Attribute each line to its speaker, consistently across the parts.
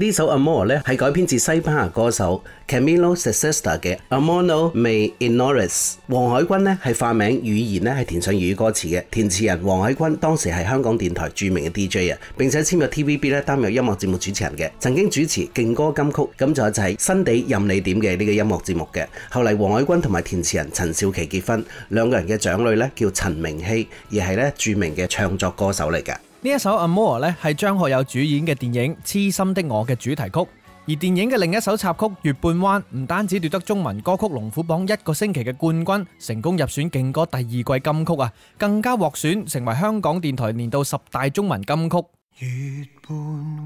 Speaker 1: 呢首《Amour》咧係改編自西班牙歌手 Camilo Sesto 嘅《Amor No Me Ignores》。黃海軍呢係化名，語言呢係填上粵語歌詞嘅。填詞人黃海軍當時係香港電台著名嘅 DJ 啊，並且簽咗 TVB 咧擔任音樂節目主持人嘅，曾經主持勁歌金曲，咁仲就係新地任你點嘅呢個音樂節目嘅。後嚟黃海軍同埋填詞人陳少琪結婚，兩個人嘅長女呢叫陳明希，而係咧著名嘅唱作歌手嚟㗎。
Speaker 2: 呢一首《Amour》呢係張學友主演嘅電影《癡心的我》嘅主題曲，而電影嘅另一首插曲《月半彎》唔單止奪得中文歌曲龍虎榜一個星期嘅冠軍，成功入選勁歌第二季金曲啊，更加獲選成為香港電台年度十大中文金曲。月半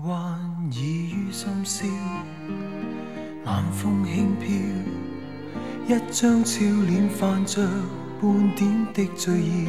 Speaker 3: 彎倚於深宵，晚風輕飄，一張俏臉泛著半點的醉意。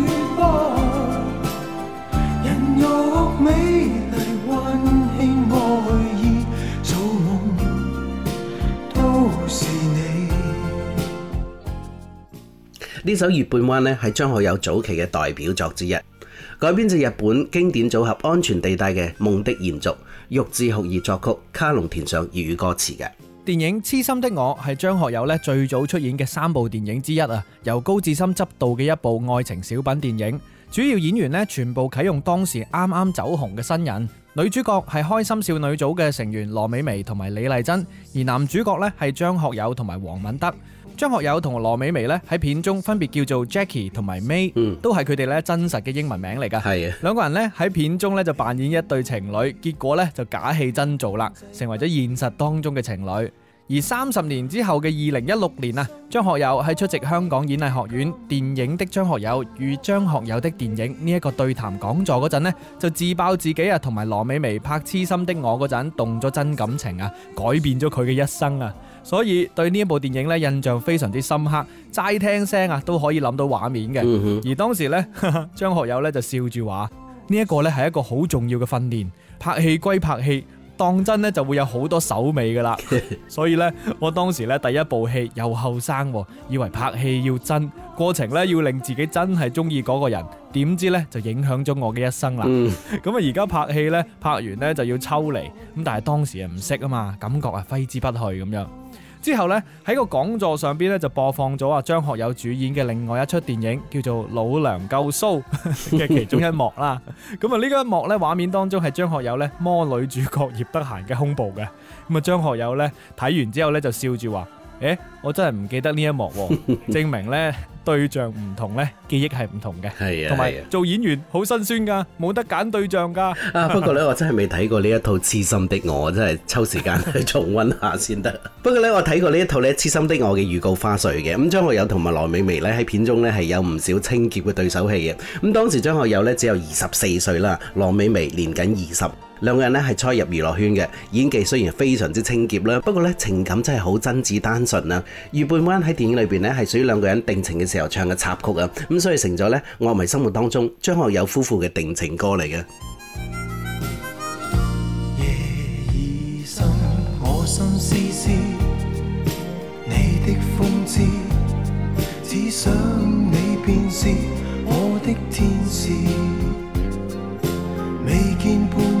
Speaker 1: 呢首《月半彎》咧係張學友早期嘅代表作之一，改編自日本經典組合安全地帶嘅《夢的延續》，玉置浩二作曲，卡龍填上粵語歌詞嘅。電影《痴心的我》係張學友咧
Speaker 2: 最早出演嘅三部電影之一啊，由高志森執導嘅一部愛情小品電影，主要演員咧全部啟用當時啱啱走紅嘅新人，女主角係開心少女組嘅成員羅美薇同埋李麗珍，而男主角咧係張學友同埋黃敏德。張學友同羅美薇咧喺片中分別叫做 Jackie 同埋 May，、嗯、都係佢哋咧真實嘅英文名嚟噶。係啊，兩個人咧喺片中咧就扮演一對情侶，結果咧就假戲真做啦，成為咗現實當中嘅情侶。而三十年之後嘅二零一六年啊，張學友喺出席香港演藝學院電影的張學友與張學友的電影呢一、這個對談講座嗰陣咧，就自爆自己啊同埋羅美薇拍《痴心的我》嗰陣動咗真感情啊，改變咗佢嘅一生啊。所以對呢一部電影咧印象非常之深刻，齋聽聲啊都可以諗到畫面嘅。Mm -hmm. 而當時咧，張學友咧就笑住話：呢一個咧係一個好重要嘅訓練，拍戲歸拍戲，當真咧就會有好多手尾㗎啦。Okay. 所以咧，我當時咧第一部戲又後生，以為拍戲要真，過程咧要令自己真係中意嗰個人。點知咧就影響咗我嘅一生啦。咁啊。Mm-hmm.，而家拍戲咧拍完咧就要抽離，咁但係當時啊唔識啊嘛，感覺啊揮之不去咁樣。之後咧喺個講座上邊咧就播放咗啊張學友主演嘅另外一出電影叫做《老娘夠騷》嘅其中一幕啦。咁啊呢個一幕咧畫面當中係張學友咧摸女主角葉德嫻嘅胸部嘅。咁啊張學友咧睇完之後咧就笑住話。誒，我真係唔記得呢一幕喎、哦， 證明呢對象唔同呢記憶係唔同嘅。係啊，同埋做演員好辛酸噶，冇得揀對象噶。 啊，不過咧我
Speaker 1: 真係未睇過呢一套《痴心的我》，真係抽時間去重温一下先得。 不過呢，我睇過呢一套咧《痴心的我》嘅預告花絮嘅。咁張學友同埋羅美薇咧喺片中咧係有唔少清潔嘅對手戲嘅。咁當時張學友咧只有二十四歲啦，羅美薇年僅二十。兩個人咧係初入娛樂圈嘅，演技雖然非常之清潔啦，不過咧情感真係好真摯單純啊！《月半彎》喺電影裏邊咧係屬於兩個人定情嘅時候唱嘅插曲啊，咁所以成咗咧我哋生活當中張學友夫婦嘅定情歌嚟嘅。
Speaker 3: 夜已深，我心思思，你的風姿，只想你便是我的天使，未見半。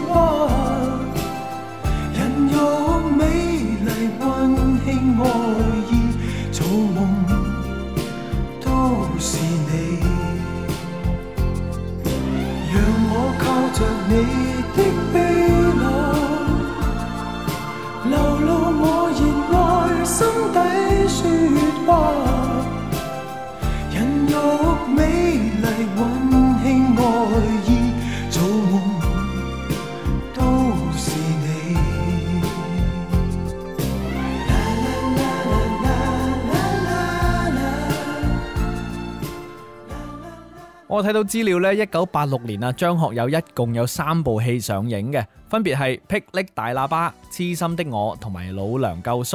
Speaker 2: 睇到資料咧，一九八六年啊，張學友一共有三部戲上映嘅，分別係《霹靂大喇叭》、《痴心的我》同埋《老娘夠騷》。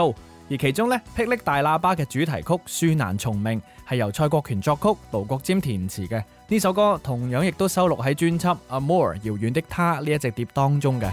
Speaker 2: 而其中咧，《霹靂大喇叭》嘅主題曲《恕難從命》係由蔡國權作曲、盧國沾填詞嘅。呢首歌同樣亦都收錄喺專輯《Amour 遙遠的她》呢一隻碟當中
Speaker 3: 嘅。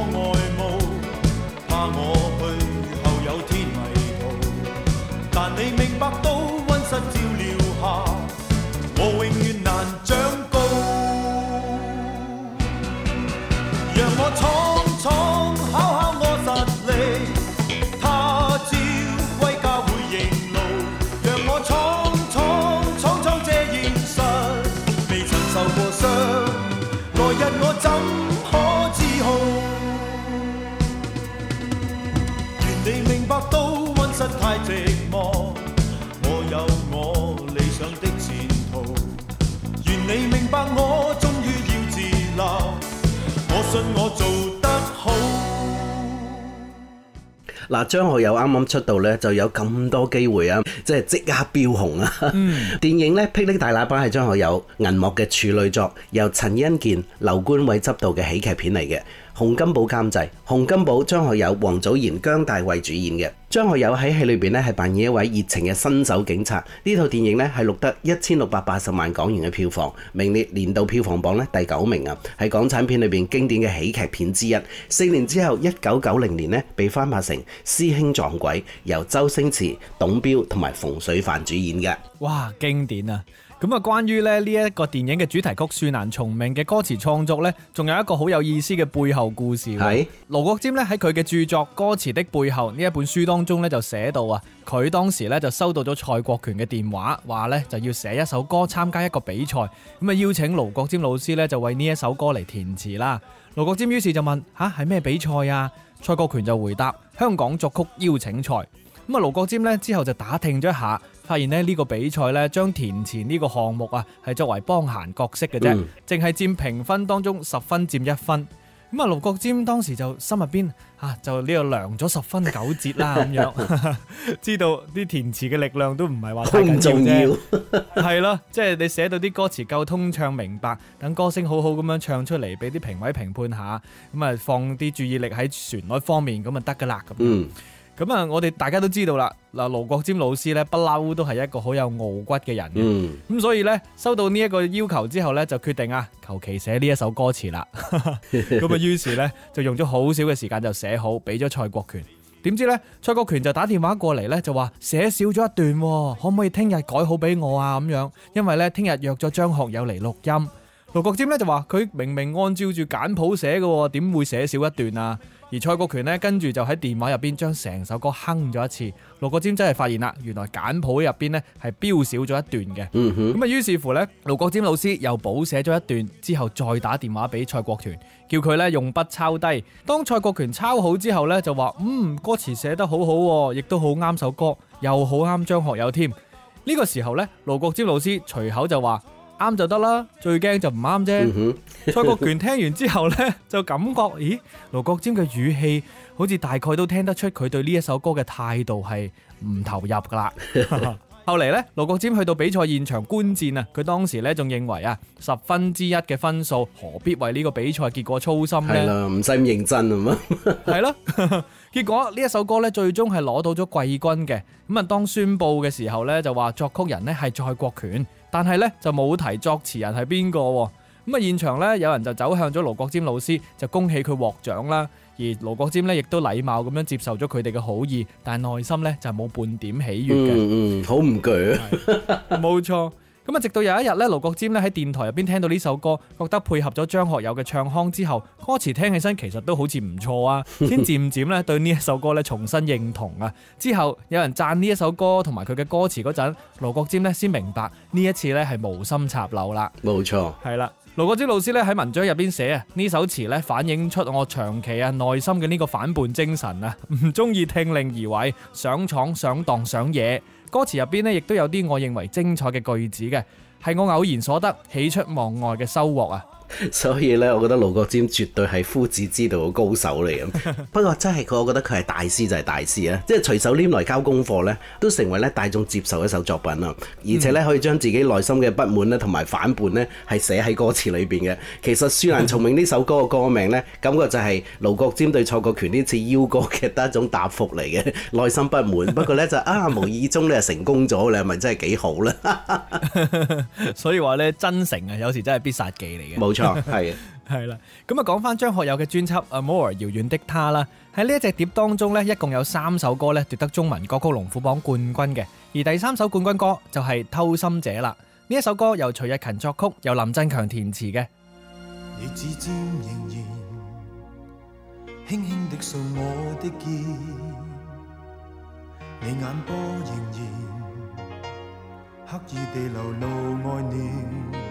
Speaker 1: 嗱，張學友啱啱出道呢，就有咁多機會啊，即係即刻飆紅啊！嗯、電影呢，《霹靂大喇叭》係張學友銀幕嘅處女作，由陳欣健、劉觀偉執導嘅喜劇片嚟嘅。洪金寶監製，洪金寶、張學友、王祖賢、姜大衛主演嘅。張學友喺戲裏邊咧係扮演一位熱情嘅新手警察。呢套電影呢，係錄得一千六百八十萬港元嘅票房，名列年度票房榜咧第九名啊。係港產片裏邊經典嘅喜劇片之一。四年之後，一九九零年呢，被翻拍成《師兄撞鬼》，由周星馳、董驃同埋馮淬帆主演嘅。
Speaker 2: 哇，經典啊！咁啊，關於咧呢一個電影嘅主題曲《恕難從命》嘅歌詞創作呢，仲有一個好有意思嘅背後故事。係盧國沾呢喺佢嘅著作歌詞的背後呢一本書當中呢就寫到啊，佢當時呢就收到咗蔡國權嘅電話，話呢就要寫一首歌參加一個比賽，咁啊邀請盧國沾老師呢就為呢一首歌嚟填詞啦。盧國沾於是就問吓，係、啊、咩比賽啊？蔡國權就回答香港作曲邀請賽。咁啊盧國沾呢之後就打聽咗一下。發現咧呢個比賽呢，將填詞呢個項目啊係作為幫閒角色嘅啫，淨係佔評分當中十分佔一分。咁啊，盧國沾當時就心入邊啊，就呢個量咗十分九折啦咁樣，知道啲填詞嘅力量都唔係話太重要啫，係 咯，即係你寫到啲歌詞夠通暢明白，等歌星好好咁樣唱出嚟，俾啲評委評判下，咁啊放啲注意力喺旋律方面咁啊得噶啦咁。嗯咁啊，我哋大家都知道啦，嗱，盧國沾老師咧不嬲都係一個好有傲骨嘅人嘅，咁、嗯、所以咧收到呢一個要求之後咧，就決定啊，求其寫呢一首歌詞啦。咁 啊， 於是咧就用咗好少嘅時間就寫好，俾咗蔡國權。點知咧，蔡國權就打電話過嚟咧，就話寫少咗一段，可唔可以聽日改好俾我啊？咁樣，因為咧聽日約咗張學友嚟錄音。盧國沾咧就話佢明明按照住簡譜寫嘅，點會寫少一段啊？而蔡國權呢，跟住就喺電話入邊將成首歌哼咗一次，盧國沾真係發現啦，原來簡譜入邊呢係標少咗一段嘅。咁、嗯、啊，於是乎呢盧國沾老師又補寫咗一段之後，再打電話俾蔡國權，叫佢呢用筆抄低。當蔡國權抄好之後呢，就話嗯歌詞寫得好好，哦，亦都好啱首歌，又好啱張學友添。呢、這個時候呢，盧國沾老師隨口就話。啱就得啦，最驚就唔啱啫。蔡國權聽完之後呢，就感覺咦，盧國沾嘅語氣好似大概都聽得出佢對呢一首歌嘅態度係唔投入噶啦。 後嚟呢，盧國沾去到比賽現場觀戰啊，佢當時呢仲認為啊，十分之一嘅分數何必為呢個比賽結果操心呢？唔
Speaker 1: 使咁認真啊嘛。
Speaker 2: 係咯，結果呢一首歌呢，最終係攞到咗季軍嘅。咁啊，當宣布嘅時候呢，就話作曲人呢係蔡國權。但係咧就冇提作詞人係邊個喎？咁啊，現場咧有人就走向咗盧國沾老師，就恭喜佢獲獎啦。而盧國沾咧亦都禮貌咁樣接受咗佢哋嘅好意，但係內心咧就冇半點喜悅嘅。嗯
Speaker 1: 嗯，好唔攰啊！
Speaker 2: 冇錯。 咁啊，直到有一日咧，盧國沾咧喺電台入邊聽到呢首歌，覺得配合咗張學友嘅唱腔之後，歌詞聽起身其實都好似唔錯啊，先漸漸咧對呢一首歌咧重新認同啊。之後有人讚呢一首歌同埋佢嘅歌詞嗰陣，盧國沾咧先明白呢一次咧係無心插柳啦。
Speaker 1: 冇錯，
Speaker 2: 係啦。盧國沾老師咧喺文章入邊寫啊，呢首詞咧反映出我長期啊內心嘅呢個反叛精神啊，唔中意聽令而為，想闖想蕩想嘢。歌詞入邊呢，亦都有啲我認為精彩嘅句子嘅，係我偶然所得，喜出望外嘅收穫啊！
Speaker 1: 所以咧，我覺得盧國沾絕對係夫子之道嘅高手嚟嘅。不過真係，我覺得佢係大師就係大師啦。即係隨手拈來交功課咧，都成為咧大眾接受一首作品啦。而且咧可以將自己內心嘅不滿咧同埋反叛咧係寫喺歌詞裏邊嘅。其實《恕難從命》呢首歌嘅歌名咧，感覺就係盧國沾對蔡國權呢次邀歌嘅得一種答覆嚟嘅。內心不滿，不過咧就啊無意中咧成功咗。你係咪真係幾好咧？
Speaker 2: 所以話咧，真誠啊，有時真係必殺技嚟嘅。冇錯。係，係啦。咁啊，講翻張學友嘅專輯《Amour 遙遠的她》啦。喺呢一隻碟當中咧，一共有三首歌咧奪得中文歌曲龍虎榜冠軍嘅。而第三首冠軍歌就係《偷心者》啦。呢一首歌由徐日勤作曲，由林振強填詞嘅。你指尖仍然輕輕的掃我的肩，
Speaker 3: 你眼波仍然刻意地流露愛念。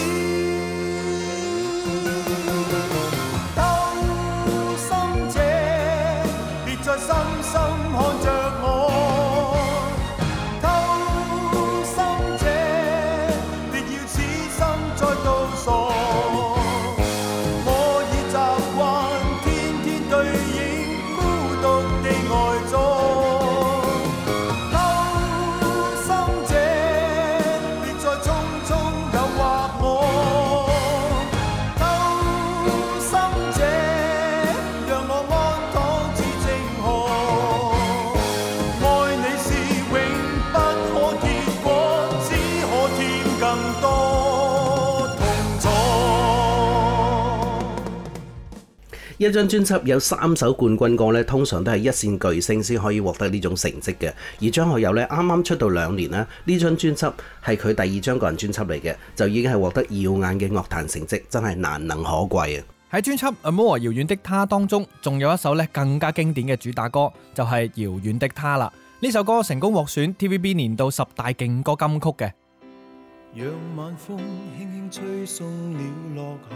Speaker 1: 一張專輯有三首冠軍歌咧，通常都係一線巨星先可以獲得呢種成績嘅。而張學友咧，啱啱出道兩年啦，呢張專輯係佢第二張個人專輯嚟嘅，就已經係獲得耀眼嘅樂壇成績，真係難能可貴啊！
Speaker 2: 喺專輯《Amour 遙遠的她》當中，仲有一首咧更加經典嘅主打歌，就係、是《遙遠的她》啦。呢首歌成功獲選 TVB 年度十大勁歌金曲嘅。
Speaker 3: 讓晚風輕輕吹送了落下》。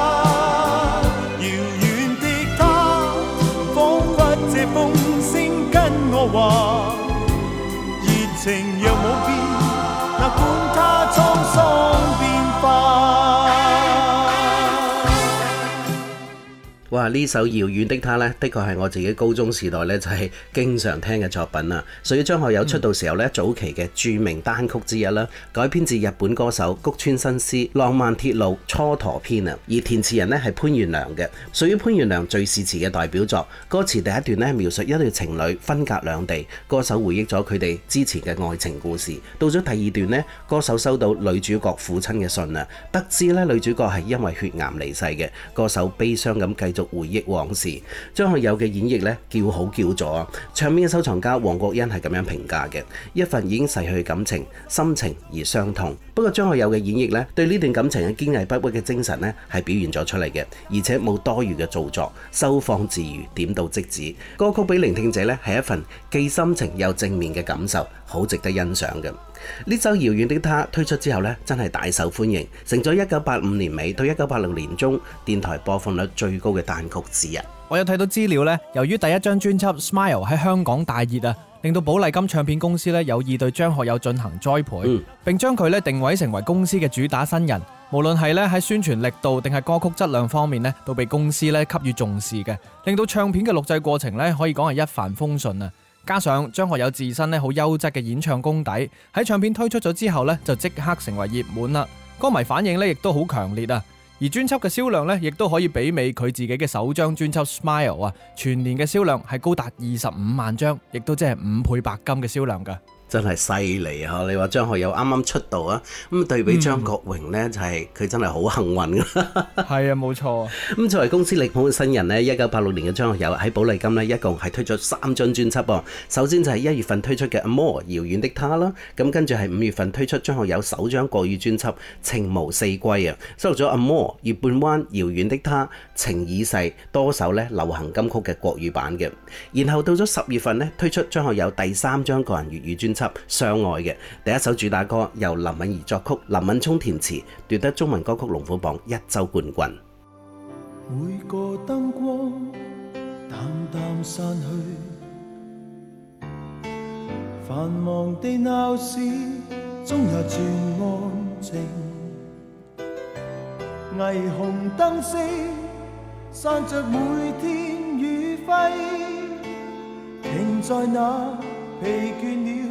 Speaker 1: 哇！呢首《遙遠的她》呢，的確係我自己高中時代呢，就係經常聽嘅作品啊。屬於張學友出道時候呢、嗯、早期嘅著名單曲之一啦，改編自日本歌手谷村新司《浪漫鐵路蹉跎篇》啊。而填詞人呢，係潘源良嘅，屬於潘源良敘事詞嘅代表作。歌詞第一段呢，描述一對情侶分隔兩地，歌手回憶咗佢哋之前嘅愛情故事。到咗第二段呢，歌手收到女主角父親嘅信啊，得知呢女主角係因為血癌離世嘅，歌手悲傷咁繼續。回憶往事，張學友嘅演繹咧叫好叫座。唱片嘅收藏家黃國恩係咁樣評價嘅：一份已經逝去感情，心情而傷痛。不過張學友嘅演繹咧，對呢段感情嘅堅毅不屈嘅精神咧，係表現咗出嚟嘅，而且冇多餘嘅做作，收放自如，點到即止。歌曲俾聆聽者咧係一份既心情又正面嘅感受，好值得欣賞嘅。呢首遙遠的她推出之後呢，真係大受歡迎，成咗一九八五年尾到一九八六年中電台播放率最高嘅單曲之一。
Speaker 2: 我有睇到資料呢，由於第一張專輯《Smile》喺香港大熱啊，令到寶麗金唱片公司有意對張學友進行栽培，嗯、並將佢定位成為公司嘅主打新人。無論係咧喺宣傳力度定係歌曲質量方面呢，都被公司咧給予重視嘅，令到唱片嘅錄製過程呢，可以講係一帆風順啊。加上張學友自身咧好優質嘅演唱功底，喺唱片推出咗之後呢，就即刻成為熱門啦。歌迷反應呢亦都好強烈啊，而專輯嘅銷量呢，亦都可以媲美佢自己嘅首張專輯《Smile》啊，全年嘅銷量係高達二十五萬張，亦都即係五倍白金嘅銷量㗎。
Speaker 1: 真係犀利啊！你話張學友啱啱出道啊，咁對比張國榮呢，嗯、就係、是、佢真係好幸運噶啦。係啊，冇錯。咁作為公司力捧嘅新人呢，一九八六年嘅張學友喺寶麗金呢，一共係推出了三張專輯噃。首先就係一月份推出嘅《Amour》《遙遠的她》啦，咁跟住係五月份推出張學友首張國語專輯《情無四歸》啊，收錄咗《Amour》《月半彎》《遙遠的她》《情已逝》多首呢流行金曲嘅國語版嘅。然後到咗十月份呢，推出張學友第三張個人粵語專輯。相愛嘅第一首主打歌，由林敏怡作曲，林敏聰填詞，奪得中文歌曲龍虎榜一周冠軍。
Speaker 3: 每個燈光淡淡散去，繁忙的鬧市終也轉安靜，霓虹燈飾散着每天餘暉，停在那疲倦了。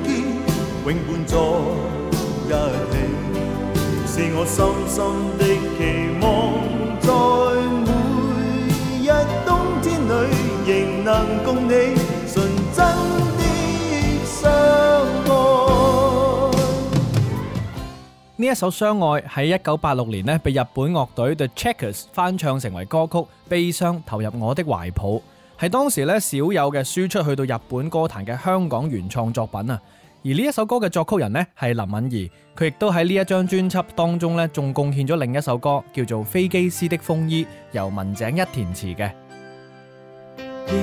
Speaker 3: 永伴在一起，是我深深的期望。在每日冬天裏，仍能共你純真的相愛。
Speaker 2: 呢一首《相愛》喺一九八六年呢，被日本樂隊 The Checkers 翻唱成為歌曲《悲傷》，投入我的懷抱，係當時呢，少有嘅輸出去到日本歌壇嘅香港原創作品啊。而呢一首歌嘅作曲人呢，係林敏怡，佢亦都喺呢一張專輯當中呢，仲貢獻咗另一首歌，叫做《飛機師的風衣》，由文井一填詞嘅。
Speaker 3: 熒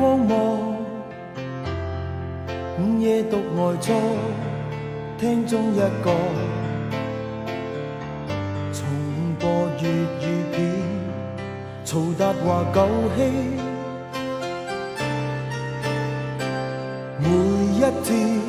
Speaker 3: 光幕，午夜獨呆坐，廳中一角，重播粵語片，嘈雜話舊戲，每一天。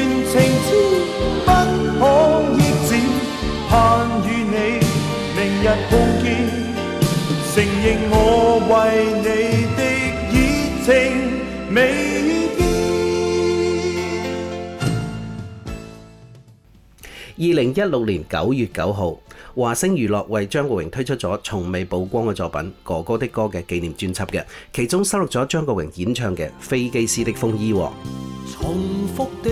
Speaker 3: 二零一
Speaker 1: 六年九月九號，華星娛樂為張國榮推出咗從未曝光嘅作品《哥哥的歌》嘅紀念專輯嘅，其中收錄咗張國榮演唱嘅《飛機師的風衣》王。
Speaker 3: 重複地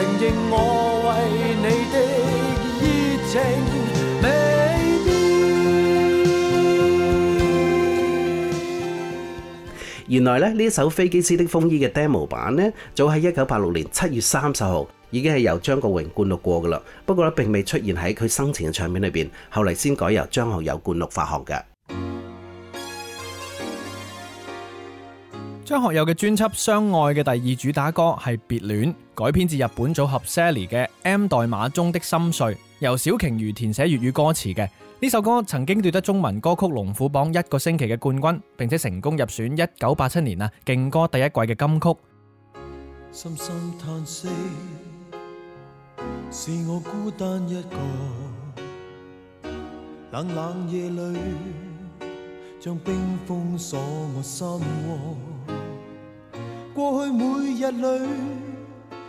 Speaker 3: 承認我為你的情
Speaker 1: Baby、原來咧呢一首《飛機師的風衣》嘅 demo 版咧，早喺一九八六年七月三十號已經係由張國榮灌錄過噶啦。不過咧，並未出現喺佢生前嘅唱片裏邊，後嚟先改由張學友灌錄發行嘅。
Speaker 2: 張學友嘅專輯《相愛》嘅第二主打歌係《別戀》。改編自日本組合 Sally 嘅《M 代碼中的心碎》，由小鯨如填寫粵語歌詞嘅呢首歌，曾經奪得中文歌曲龍虎榜一個星期嘅冠軍，並且成功入選一九八七年啊勁歌第一季嘅金曲。
Speaker 3: 深深嘆息，是我孤單一個，冷冷夜裏，像冰封鎖我心窩，過去每日裏。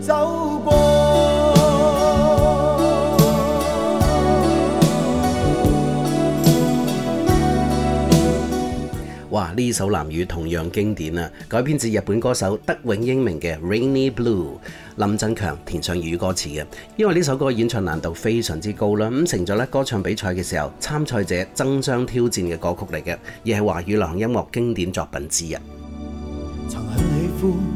Speaker 3: 走
Speaker 1: 哇！呢首藍雨同樣經典啊，改編自日本歌手德永英明嘅《Rainy Blue》，林振強填唱粵語歌詞嘅。因為呢首歌演唱難度非常之高啦，咁成咗咧歌唱比賽嘅時候參賽者爭相挑戰嘅歌曲嚟嘅，亦係華語流行音樂經典作品之一。
Speaker 3: 曾很喜歡。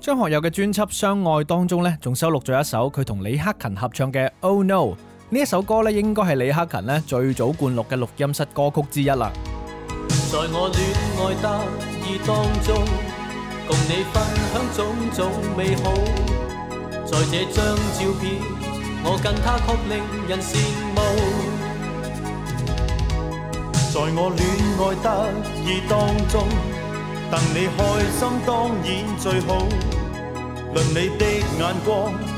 Speaker 2: 張學友嘅專輯《相愛》當中呢，仲收錄咗一首佢同李克勤合唱嘅《Oh No》。呢一首歌咧，應該係李克勤咧最早灌錄嘅錄音室歌曲之一啦。在我戀
Speaker 3: 愛得意當中，共你分享種種美好，在這張照片，我跟他確令人羨慕。在我戀愛得意當中，等你開心當然最好，論你的眼光。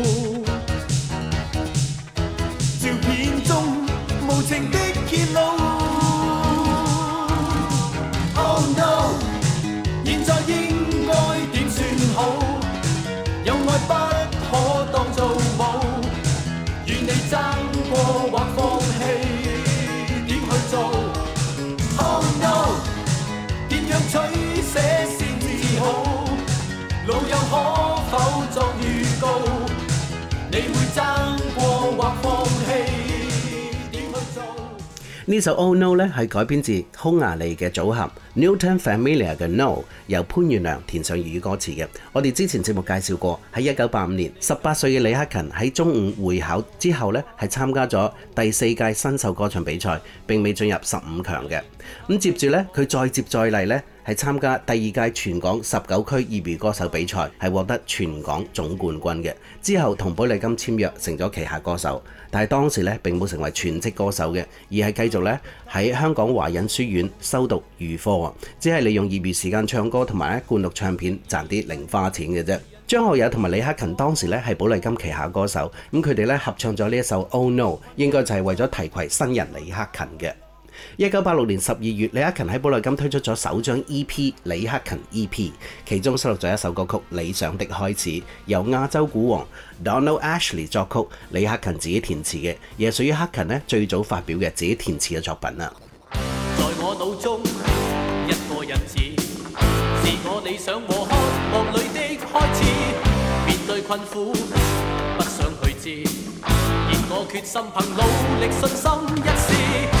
Speaker 1: 或放做？呢首 Oh No 咧係改編自匈牙利嘅組合 Newton Familia 嘅 No，由潘源良填上粵語歌詞嘅。我哋之前節目介紹過，喺一九八五年十八歲嘅李克勤喺中五會考之後呢，係參加咗第四屆新秀歌唱比賽，並未進入十五強嘅。咁、嗯、接住呢，佢再接再厲呢。係參加第二屆全港十九區業餘歌手比賽，係獲得全港總冠軍嘅。之後同寶麗金簽約，成咗旗下歌手。但係當時咧並冇成為全職歌手嘅，而係繼續咧喺香港華仁書院修讀預科啊，只係利用業餘時間唱歌同埋灌錄唱片賺啲零花錢嘅啫。張學友同埋李克勤當時咧係寶麗金旗下歌手，咁佢哋咧合唱咗呢一首《Oh No》，應該就係為咗提携新人李克勤嘅。一九八六年十二月，李克勤喺寶麗金推出咗首張 EP《李克勤 EP》，其中收錄咗一首歌曲《理想的開始》，由亞洲鼓王 Donald Ashley 作曲，李克勤自己填詞嘅，亦係屬於克勤呢最早發表嘅自己填詞嘅作品啦。
Speaker 2: 在我腦中，一個日子，是我理想和渴望裏的開始。面對困苦，不想去知，現我決心憑努力
Speaker 3: 信心一試。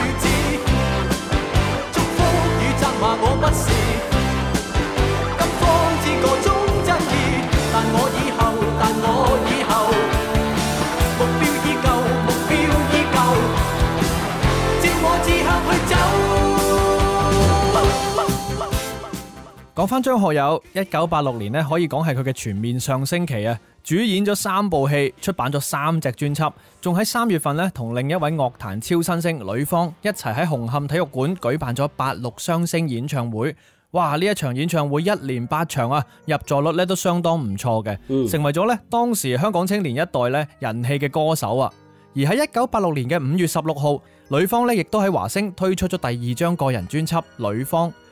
Speaker 2: 講翻張學友，一九八六年可以講係佢嘅全面上升期啊！主演咗三部戲，出版咗三隻專輯，仲喺三月份呢同另一位樂壇超新星呂方一齊喺紅磡體育館舉辦咗八六雙星演唱會。哇！呢一場演唱會一連八場啊，入座率咧都相當唔錯嘅，成為咗咧當時香港青年一代咧人氣嘅歌手啊、嗯！而喺一九八六年嘅五月十六號，呂方咧亦都喺華星推出咗第二張個人專輯《呂方》。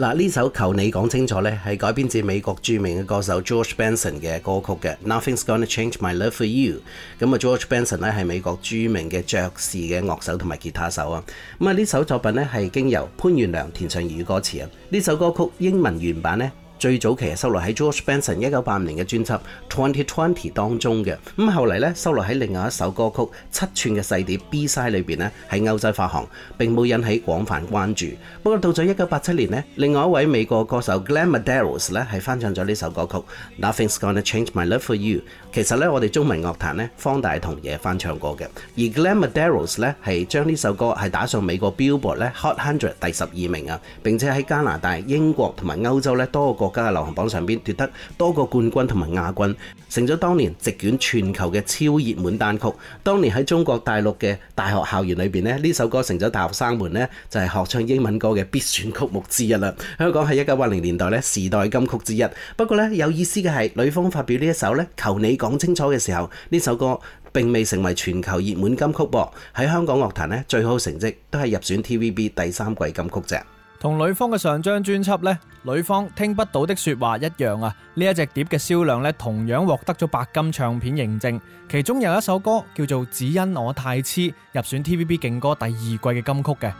Speaker 1: 嗱，呢首求你講清楚咧，係改編自美國著名嘅歌手 George Benson 嘅歌曲嘅 Nothing's Gonna Change My Love For You。咁啊，George Benson 咧係美國著名嘅爵士嘅樂手同埋吉他手啊。咁啊，呢首作品咧係經由潘源良填上粵語歌詞啊。呢首歌曲英文原版咧。最早期係收錄喺 George Benson 一九八五年嘅專輯 Twenty Twenty 當中嘅，咁後嚟咧收錄喺另外一首歌曲《七寸嘅細碟 B Side》裏邊咧，喺歐洲發行，並冇引起廣泛關注。不過到咗一九八七年咧，另外一位美國歌手 Glenn Medeiros 咧係翻唱咗呢首歌曲 Nothing’s Gonna Change My Love For You。其實咧我哋中文樂壇咧方大同也翻唱過嘅，而 Glenn Medeiros 咧係將呢首歌係打上美國 Billboard 咧 Hot 100第十二名啊，並且喺加拿大、英國同埋歐洲咧多個家嘅流行榜上邊奪得多個冠軍同埋亞軍，成咗當年席捲全球嘅超熱門單曲。當年喺中國大陸嘅大學校園裏邊咧，呢首歌成咗大學生們咧就係學唱英文歌嘅必選曲目之一啦。香港係一九八零年代咧時代金曲之一。不過呢，有意思嘅係，呂方發表呢一首咧《求你講清楚》嘅時候，呢首歌並未成為全球熱門金曲噃。喺香港樂壇呢最好成績都係入選 TVB 第三季金曲啫。
Speaker 2: 同呂方嘅上張專輯呢，呂方聽不到的說話一樣啊！呢一隻碟嘅銷量呢，同樣獲得咗白金唱片認證，其中有一首歌叫做《只因我太痴》，入選 TVB 勁歌第二季嘅金曲
Speaker 3: 嘅。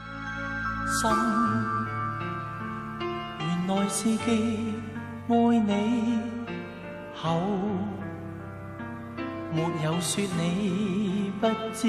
Speaker 3: 原來是愛你」，沒有說你有不知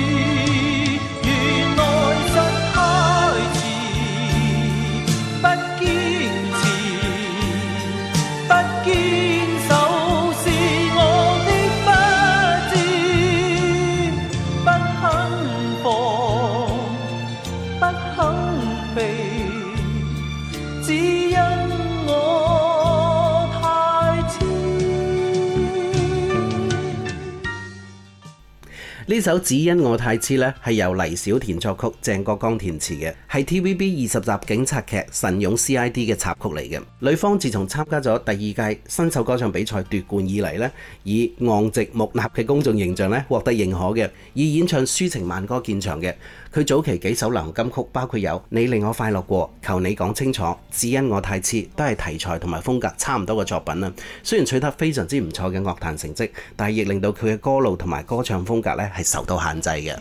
Speaker 1: 呢首《只因我太痴》呢，係由黎小田作曲、鄭國江填詞嘅，係 TVB 二十集警察劇《神勇 CID》嘅插曲嚟嘅。呂方自從參加咗第二屆新秀歌唱比賽奪冠以嚟咧，以昂直木訥嘅公眾形象咧獲得認可嘅，以演唱抒情慢歌見長嘅。佢早期幾首流行金曲，包括有《你令我快樂過》、《求你講清楚》、《只因我太痴》，都係題材同埋風格差唔多嘅作品啦。雖然取得非常之唔錯嘅樂壇成績，但係亦令到佢嘅歌路同埋歌唱風格咧係受到限制嘅。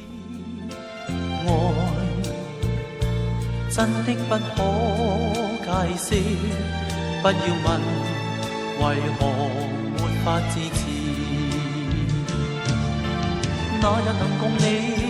Speaker 1: 愛
Speaker 3: 真的不可解釋，不要問為何沒法支持，那日能共你？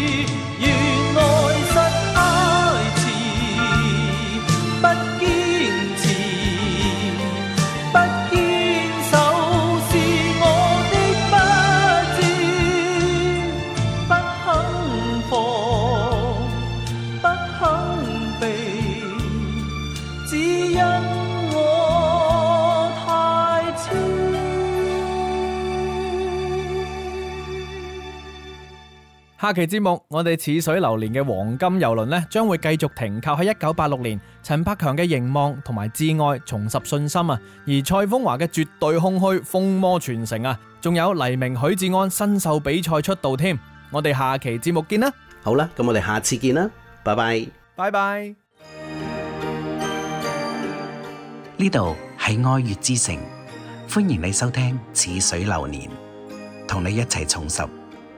Speaker 2: 下期節目，我哋似水流年嘅黃金遊輪呢，將會繼續停靠喺一九八六年陳百強嘅《凝望》同埋《摯愛》，重拾信心啊！而蔡楓華嘅《絕對空虛》，風魔傳承啊！仲有黎明、許志安新秀比賽出道添。我哋下期節目見啦！好啦，咁我哋下次
Speaker 1: 見啦，拜拜，
Speaker 2: 拜拜。
Speaker 1: 呢度係愛粵之城，歡迎你收聽《似水流年》，同你一齊重拾，